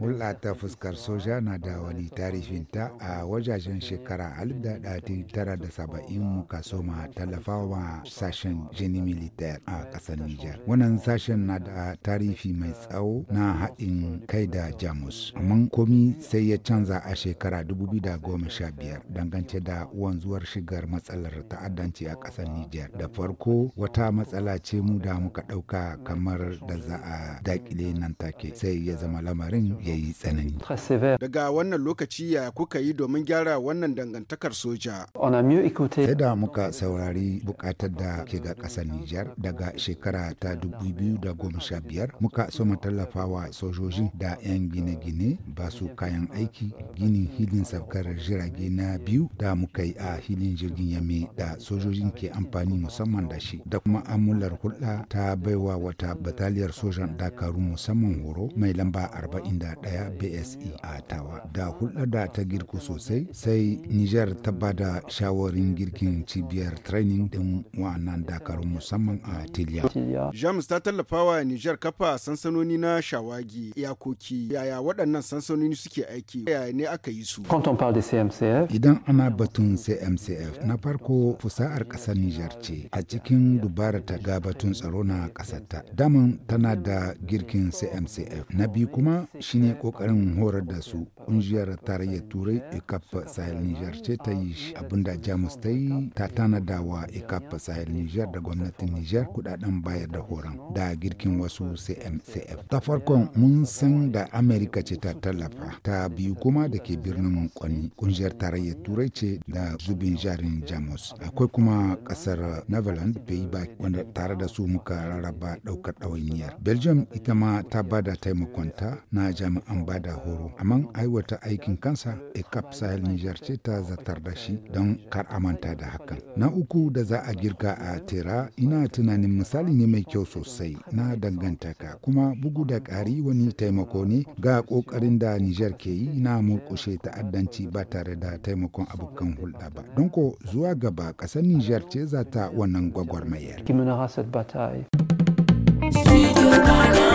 Hulɗa ta fuskar soja na da wani ta a wajajen shekara da tara 1970 muka soma tallafawa sashen jini militar a ƙasar Nijar. Wannan sashen na da tarihi mai tsawo na haɗin kai da Jamus. Amma komi sai ya canza a shekara biyar dangance da wanzuwar shigar matsalar ta'addanci a ƙasar Nijar. Da farko wata matsala ce mu da muka ɗauka kamar da za a daƙile nan take. Sai zai iya zama lamarin ya yi tsanani. Daga wannan lokaci ya kuka yi domin gyara wannan dangantakar soja. Sai da muka saurari bukatar da ke ga ƙasar Nijar daga shekara ta 2015 muka soma tallafawa sojojin da 'yan gine-gine ba su kayan aiki gini hilin safkar jirage na biyu da muka yi a hilin jirgin yame da sojojin ke amfani musamman da shi da kuma amular hulɗa ta baiwa wata bataliyar sojan dakarun musamman horo mai lamba 41 BSE a Tawa da hulɗar da ta girku sosai sai Niger ta bada shawarin girkin cibiyar training din wa'annan dakarun musamman a Tilia. James ta tallafa wa Niger kafa sansanoni na shawagi iyakoki yaya waɗannan sansanoni suke aiki yaya ne aka yi su. Idan ana batun CMCF na farko fusa'ar ƙasar Niger ce a cikin dubara ta ga batun tsaro na ƙasarta. Daman tana da girkin CMCF na biyu kuma shine kokarin horar da su ƙungiyar tarayyar turai ecap sahel niger ce ta yi abinda jamus ta yi ta tanada wa ecap sahel niger da gwamnatin niger kudaden bayar da horon da girkin wasu cncf ta farkon mun san da amerika ce ta tallafa ta biyu kuma da ke birnin kwani kungiyar tarayyar turai ce da zubin jarin jamus akwai kuma kasar neverland payback wanda tare da su muka rarraba ɗaukar ɗawainiyar belgium ita ma ta bada taimako kwanta na jami'an bada horo amma aiwata aikin kansa ecap sahel niger ce ta zatar da shi don kar a manta da hakan na uku da za a girka a tera ina tunanin misali ne mai kyau sosai na dangantaka kuma bugu da ƙari wani taimako ne ga ƙoƙarin da nijar ke yi na murƙushe ta'addanci ba tare da taimakon abokan hulɗa ba don ko zuwa gaba ƙasar nijar ce za ta wannan gwagwarmayar. Studio Ghana.